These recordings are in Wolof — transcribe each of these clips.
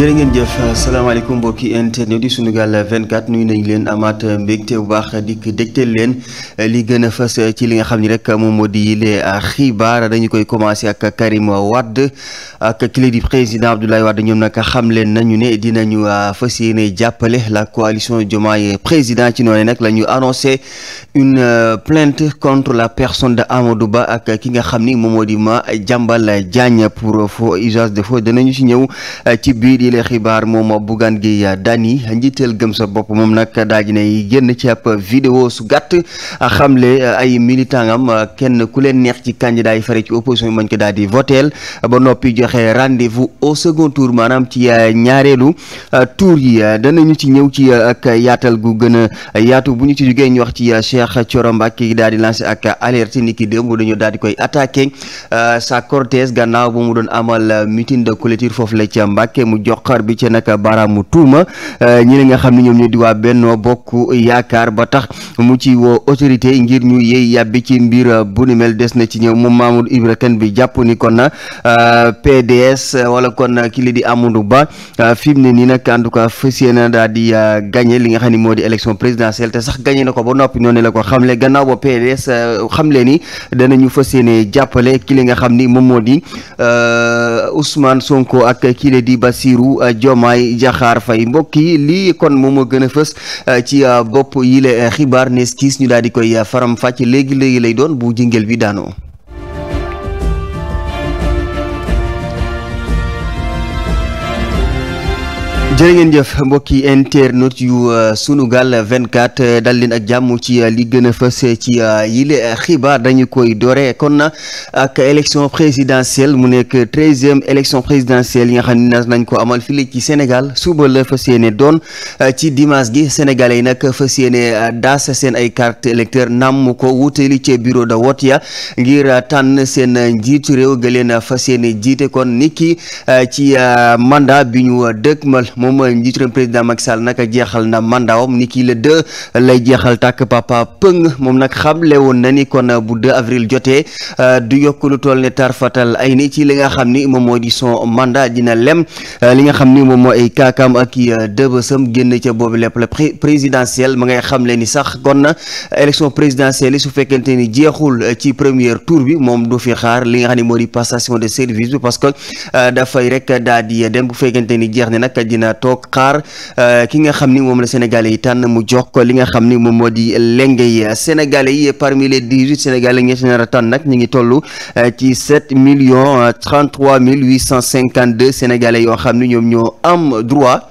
jërë ngeen jëf salaamaaleykum mbokki internet yi Sunugal 24 nuyu nañ leen amaat mbégte bu baax dikk dégteel leen li gën a fës ci li nga xam ni rek moom moo di yile xibaar dañu koy commencé ak Karim Wade ak kile di président Abdoulaye Wade ñoom nag xam leen nañu ne dinañu ah, fas yéene jàppale la coalition Diomaye président ci noonu nag la ñu annoncé une euh, plainte contre la personne de Amadou Ba ak ki nga xam ni moom moo di ma jàmbal Diagne pour faux usage de faux danañu ci ñëw yi la xibaar moom Bougane Gueye Dany njiiteel gëm sa bopp moom nag daa ji nay génn ci ab vidéo su xamle ay militant am kenn ku leen neex ci candidat daay fare ci opposition bi mañ ko daal di voteel ba noppi joxe rendez-vous au second maanaam ci euh, ñaareelu euh, tour yi danañu ci ñëw ci euh, ak yaatal gu gën a yaatu bu ñu ci jugee ñu wax ci Cheikh Thioro Mbacké daal di lancé ak alerte ni ki démb dañu daal di koy attaqué sa cortège gannaaw bu mu doon amal meeting de clôture foofu la ca Mbacké mu jox joxar bi ci nag baaraamu tuuma eh, ñi ne nga xam ne ñoom ñoo di waa Benno Bokk Yaakaar ba tax mu ci woo autorité ngir ñu yey yàbbi ci mbir eh, bu ni des na ci ñëw moom Mamadou Ibra Kane bi jàpp ni kon na eh, PDS wala kon ki li di Amadou Ba fi mu ne nii nag en tout cas fas yéene daal di gagné li nga xam ne moo di élection présidentielle te sax gagné na ko ba noppi noonu la ko xam gannaaw ba PDS xamle ni danañu fas yéene jàppale ki li nga xam ni moom moo di Ousmane Sonko ak ki bu euh, Diomaye Diakhar Faye mbokk yi lii kon moom moo gën a fës euh, ci euh, bopp yile xibaar nees kiis ñu daal di koy faram fàcc léegi léegi lay doon bu jingel bi daanoo jërë ngeen jëf mbokki internet yu uh, Sunugal 24 uh, dal leen ak jàmm ci uh, li gën a fës ci yile xibaar dañu koy doore kon ak élection présidentielle mu nekk treizième élection présidentielle yi nga xam ne nañ ko amal fii ci Sénégal suba la fas yéene doon ci dimanche gi sénégal yi nag fas yéene daas seen ay carte électeur namm ko wutali ci bureau de vote ya ngir tànn seen njiitu réew ga leen fas yéene jiite kon niki ci mandat bi ñu dëkkmal. moom njiitu réew président Macky Sall nag jeexal bu 2 avril jotee euh, du yokk lu toll ne tarfatal ay ni ci li nga xam ni moom moo di son mandat dina lem euh, li nga xam ni moom moo ay kaakaam ak i euh, dëbësam génn ca boobu lépp la présidentielle ma ngay xamle ni sax kon na élection présidentielle yi su fekkente ni jeexul ci premier tour bi moom du fi xaar li nga xam ne moo di passation de service bi parce que dafay rek daal di dem bu fekkente ni jeex ne nag dina toog xaar euh, ki nga xam ni moom la sénégalais yi tànn mu jox li nga xam ni moom moo di lenge yi sénégalais yi parmi les dix-huit sénégalais ñi nar a tànn nag ñu ngi toll euh, ci sept millions euh, trente-trois mille huit cent cinquante-deux sénégalais yoo xam ni ñoom ñoo am droit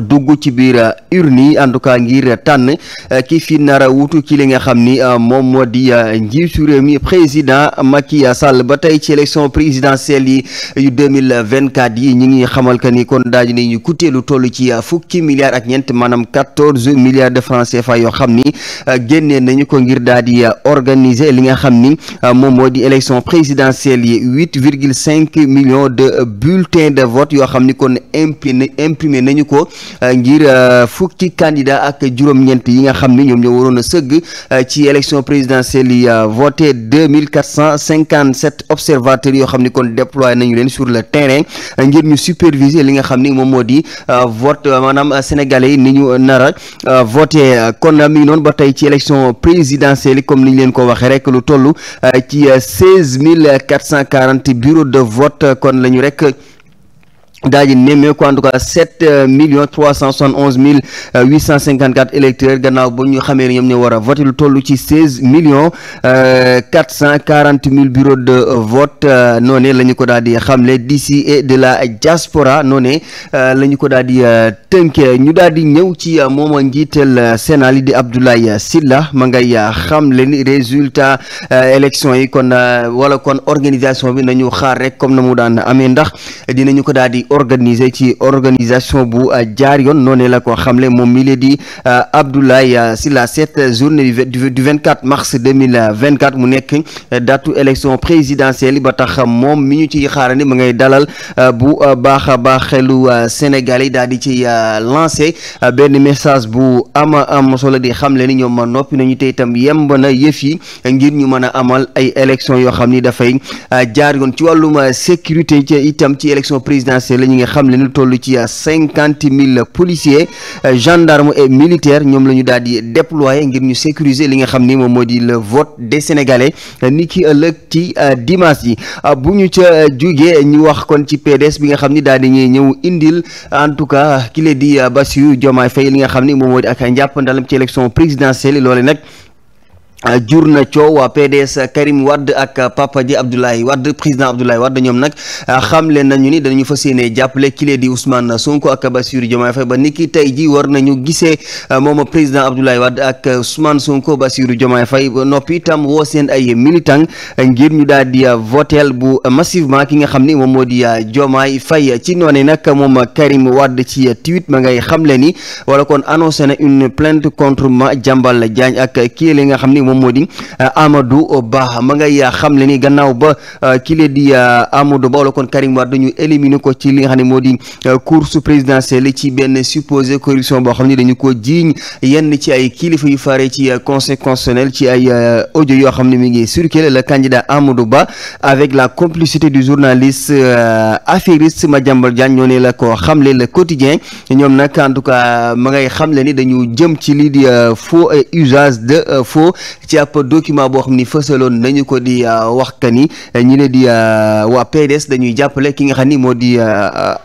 dugg ci biir uh, urne yi en tout cas ngir tànn uh, ki fi nara wutu ki li nga xam ni uh, moom moo di njiitu réew mi président Macky Sall ba tey ci élection présidentielle yi deux mille vingt quatre yi ñu ngi xamal que ni kon daañu ne ñu coûté lu toll ci fukki milliards ak ñeent maanaam quatorze milliards de francs CFA yoo xam ni génnee nañu ko ngir daal di organiser li nga xam ni moom moo di élection présidentielle yi huit virgule cinq millions de bulletin de vote yoo xam ni kon imprimé imprimé nañu ko. Euh, ngir euh, fukki candidat ak juróom-ñeent yi nga xam ne ñoom ñoo waroon a sëgg euh, ci élection présidentielle yi voté deux mille quatre cent cinquante sept observateurs yoo xam ni kon déployé nañu leen sur le terrain ngir ñu superviser li nga xam ni moom moo di vote maanaam sénégalais ni ñu nar a voté kon mi ngi noonu ba tey ci élection présidentielle comme ni ñu leen ko waxee rek lu toll ci seize mille quatre cent quarante bureau de vote kon lañu rek daal di nemmeeku en tout cas sept euh, millions trois cent soixante onze mille euh, huit cent cinquante quatre électeurs gannaaw ba ñu xamee ne ñoom ñoo war a voté lu toll ci seize millions euh, cent quarante mille bureaux de vote noonee la ñu ko daal di xamle d'ici et de la diaspora noonee la ñu ko daal di tënkee ñu daal di ñëw ci moom njiitel Sénat li di Abdoulaye silla ma ngay xamle ni résultat élection yi kon wala kon organisation bi nañu xaar rek comme na mu daan amee ndax dinañu ko daal koy organiser ci organisation bu euh, jaar yoon noonee la ko xamle moom mi lee di euh, Abdoulaye euh, Sylla cette journée du 24 mars 2024 mu nekk datu élection présidentielle ba tax moom mi ñu ci ni ma ngay dalal bu baax a baax xelu Sénégal yi daal di ci lancé benn message bu ama am solo di xamle ni ñoom ma noppi nañu te itam yemb na yëf yi ngir ñu mën a amal ay élection yoo xam ni dafay jaar yoon ci wàllum sécurité itam ci élection présidentielle annoncé la ñu nga xam ne lu toll ci cinquante mille policiers euh, gendarmes et militaires ñoom la ñu daal di déployer ngir ñu sécuriser li nga xam ni moom moo di le vote des sénégalais euh, ni ki ëllëg ci euh, dimanche yi bu ñu ca jugee ñu wax kon ci PDS bi nga xam ni daal di ñuy ñëw indil en tout cas kile la di Bassirou Diomaye Faye li nga xam ni moom moo di ak njàppandalam ci élection présidentielle loole nag. Ah, jur na coow waa PDS Karim Wade ak papa ji Abdoulaye Wade président Abdoulaye Wade ñoom nag ah, xamle nañu ni danañu fas yéene jàppale kile di Ousmane Sonko ak Bassirou Diomaye Faye ba niki tey ji war nañu gisee ah, moom président Abdoulaye Wade ak Ousmane Sonko Bassirou Diomaye Faye ba noppi itam woo seen ay militant ngir ñu daal di votel bu massivement ki nga xam ni moom moo di Diomaye Faye ci noonee nag moom Karim Wade ci tweet ma ngay xamle ni wala kon annoncé na une plainte contre Madiambal Diagne ak kii moom moo di euh, Amadou Ba ma ngay euh, xam le gannaaw ba euh, ki lee di Amadou Ba wala kon Karim Wade dañu éliminer ko ci li nga xam ne moo di course présidentielle ci benn supposé corruption boo xam ne dañu ko jiiñ yenn ci ay kilifa yu faare ci conseil constitutionnel ci ay audio yoo xam ne mi ngi circulé la candidat Amadou Ba avec la complicité du journaliste affairiste Madiambal Diagne ñoo ne la ko xamle le quotidien ñoom nag en tout cas ma ngay xamle ni dañu jëm ci lii di faux usage de faux ci ab document boo xam ni fësaloon nañu ko di euh, wax que ni euh, ñi ne di euh, waa PDS dañuy jàppale ki nga xam ni moo di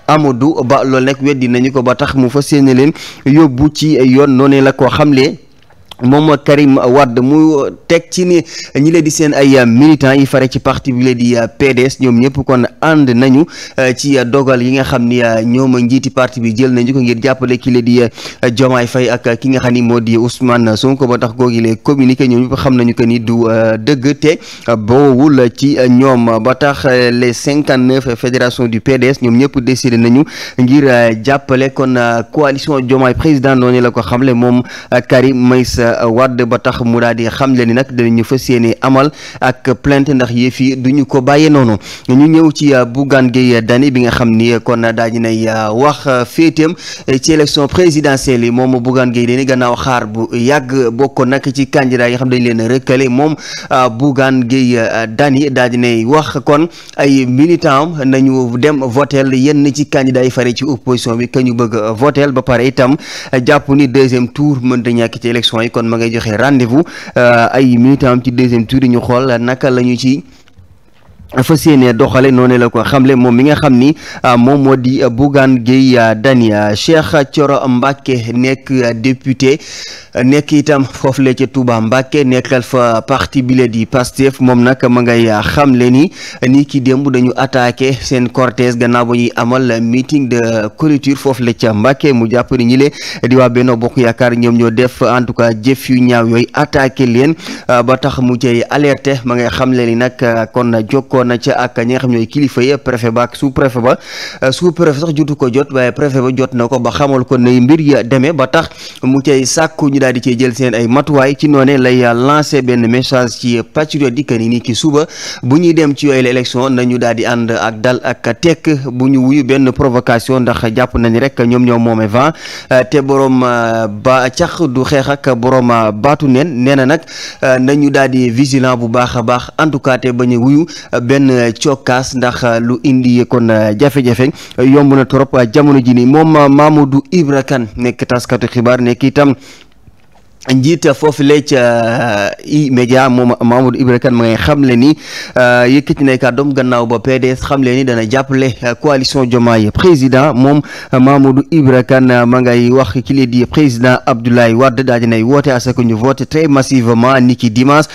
Amadou Ba loolu nag weddi nañu ko ba tax mu fas yéene leen yóbbu ci yoon noonu la ko xamle. moom Karim Wade mu teg ci ni ñi leen di seen ay militants yi fare ci parti bi leen di euh, PDS ñoom ñëpp kon ànd nañu euh, ci dogal yi nga xam ni euh, ñoom njiiti parti bi jël nañu ko ngir jàppale ki leen di Diomaye Faye ak ki nga xam ni moo di Ousmane Sonko ba tax googi les communiqué ñoom xam nañu que ni du dëgg te boowul ci ñoom ba tax les cinquante neuf fédération du ñoom ñëpp décidé nañu ngir jàppale kon coalition Diomaye président noonu la ko xamle moom Karim Meïssa Euh, Wade ba tax mu daal di xam le ni nag dinañu fas yéene amal ak plainte ndax yëf du ñu ko bàyyee noonu ñu ñëw ci euh, Bougane Gueye Dany bi nga xam ni kon daal di nay euh, wax féeteem ci élection présidentielle yi moom Bougane Gueye Dany gannaaw xaar bu yàgg bokkoon nag ci candidat yi nga xam dañ leen rëkkale moom Bougane Gueye Dany daal di nay wax kon ay militant nañu dem votel yenn ci candidat yi fare ci opposition bi ka ñu bëgg votel ba pare itam jàpp ni deuxième tour mën da ñàkk ci élection yi kon kon ma ngay joxe rendez-vous euh, ay militant am ci deuxième tour yi ñu xool naka la ñu ci fa séenee doxale noonu la ko xamle moom mi nga xam ni ah, moom moo di ah, Bougane Gueye ah, Dany Cheikh Thioro Mbacké nekk député nekk itam foofu la ca Touba Mbacké nekkal fa parti bile di Pastef moom nag ma ngay xamle ni nii ki démb dañu attaqué seen cortège gannaaw ba amal meeting de clôture foofu la ca Mbacké mu jàpp ni ñi le di waa Benno Bokk Yaakaar ñoom ñoo def en tout cas jëf yu ñaaw yooyu attaqué leen ba tax mu cay alerté ma ngay xamle ni nag kon jokko woon na ca euh, ko jot waaye préfet ba jot na ko ba ko ne mbir ya demee ba tax mu ñu daal di cee jël seen ay matuwaay ci noonee lay euh, lancé benn message ci patriote yi ni nii ki suba bu ñuy dem ci yooyu la élection nañu daal di ànd ak dal ak tekk bu ñu wuyu benn provocation ndax jàpp nañ rek ñoom ñoom moome vent euh, te borom ba cax du xeex ak borom baatu neen nee na nag nañu daal di bu baax a baax en te bañ wuyu benn cokkaas ndax lu indi kon jafe-jafe yomb na trop jamono ji nii moom Mamadou Ibra Kane nekk taskatu xibaar nekk itam njiit foofu la ca E-Media uh, moom Mamadou Ibra Kane ma ngay xamle ni uh, yëkkati na kàddoom gannaaw ba PDS xamle ni dana jàppale uh, coalition Diomaye président moom Mamadou Ibra kan ma ngay wax ki li di président Abdoulaye Wade daa dinay woote à ce que ñu vote très massivement ni ki dimanche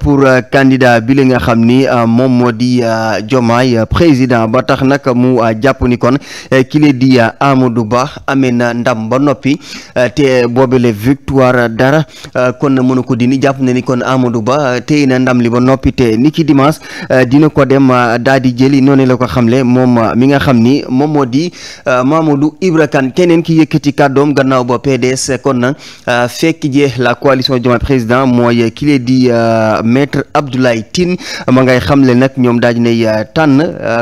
pour candidat bi nga xam ni moom moo di Diomaye président ba tax nag mu jàpp ni kon ki li di Amadou Ba amee na ndam ba noppi te boobele victoire dara euh, kon mënu ko dindi jàpp na ni kon Amadou Ba euh, téye na ndam li ba noppi ni ki dimanche euh, dina ko dem daal di jëli noonu la ko xamle moom mi nga xam ni moom moo di Mamadou Ibra Kane keneen ki yëkkati kàddoom gannaaw ba PDS kon na fekk jee la coalition Diomaye Président mooy ki lee di maître Abdoulaye Tine ma ngay xamle nag ñoom daal di nay tànn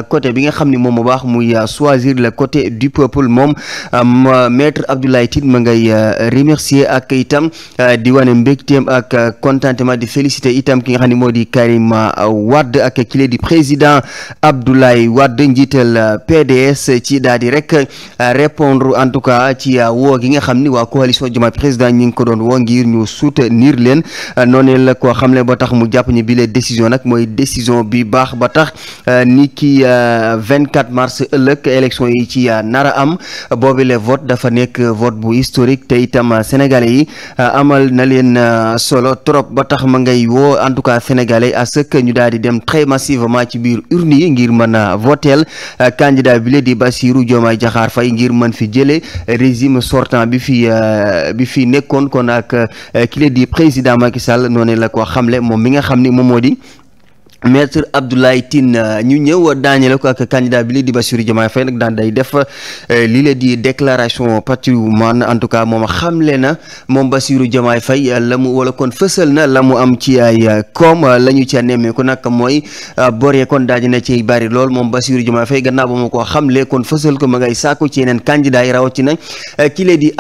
côté bi nga xam ni moom mu baax muy choisir le côté du peuple moom maître Abdoulaye Tine ma ngay remercier ak itam Euh, di wane mbégteem ak euh, contentement di félicité itam ki nga xam ne moo di Karim euh, Wade ak kile di président Abdoulaye wadd njiital PDS ci daal di rek répondre en tout cas ci woo gi nga xam ni waa coalition Diomaye président ñi ngi ko doon woo ngir ñu soutenir leen noonu la ko xam ne ba tax mu jàpp ni bile décision nag mooy décision bi baax ba tax ni ki 24 mars ëllëg élection yi ci nara am boobile vote dafa nekk vote bu historique te itam sénégalais yi amal na leen euh, solo trop ba tax ma ngay woo en tout cas sénégalais à ñu daal di dem très massivement ci biir urne ngir mën a voteel euh, candidat bi la di Bassirou Diomaye jaxaar fay ngir mën fi jëlee régime sortant bi fi euh, bi fi nekkoon kon ak ki di président Macky Sall noonu la ko xamle moom mi nga xam ni moom moo di maître Abdoulaye Tine euh, ñu ñëw daañu ko ak candidat bi lii di Bassirou Diomaye Faye nag daan day def euh, lii la di déclaration patrimoine en tout cas moom xamle na moom Bassirou Diomaye Faye euh, la mu wala kon fësal na la mu am ci ay koom la ñu ca nemmeeku nag mooy boré kon daañu na ci bari lool moom Bassirou Diomaye fay gannaaw ba ma ko xamle kon fësal ko ma ngay sàkku ci yeneen candidat yi rawatina ki la di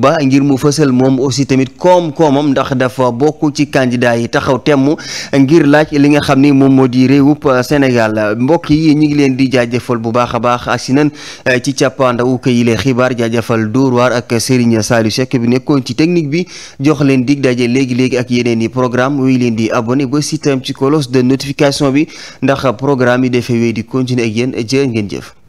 Ba ngir mu fësal moom aussi tamit koom-koomam ndax dafa bokk ci candidat yi taxaw temm ngir laaj li nga xam ni moom moo di réewub euh, Sénégal mbokk yi ñu ngi leen di jaajëfal bu baax a baax agsi nan euh, ci càppaandawu këyile xibaar jaajëfal Dóor waar ak Serigne Saliou sekk bi nekkoon ci technique bi jox leen dig daje léegi-léegi ak yeneen i programme wéy leen di abonné ba sitam ci cloche de notification bi ndax programme yi dafay wéy di continuer ak yéen jërë ngeen jëf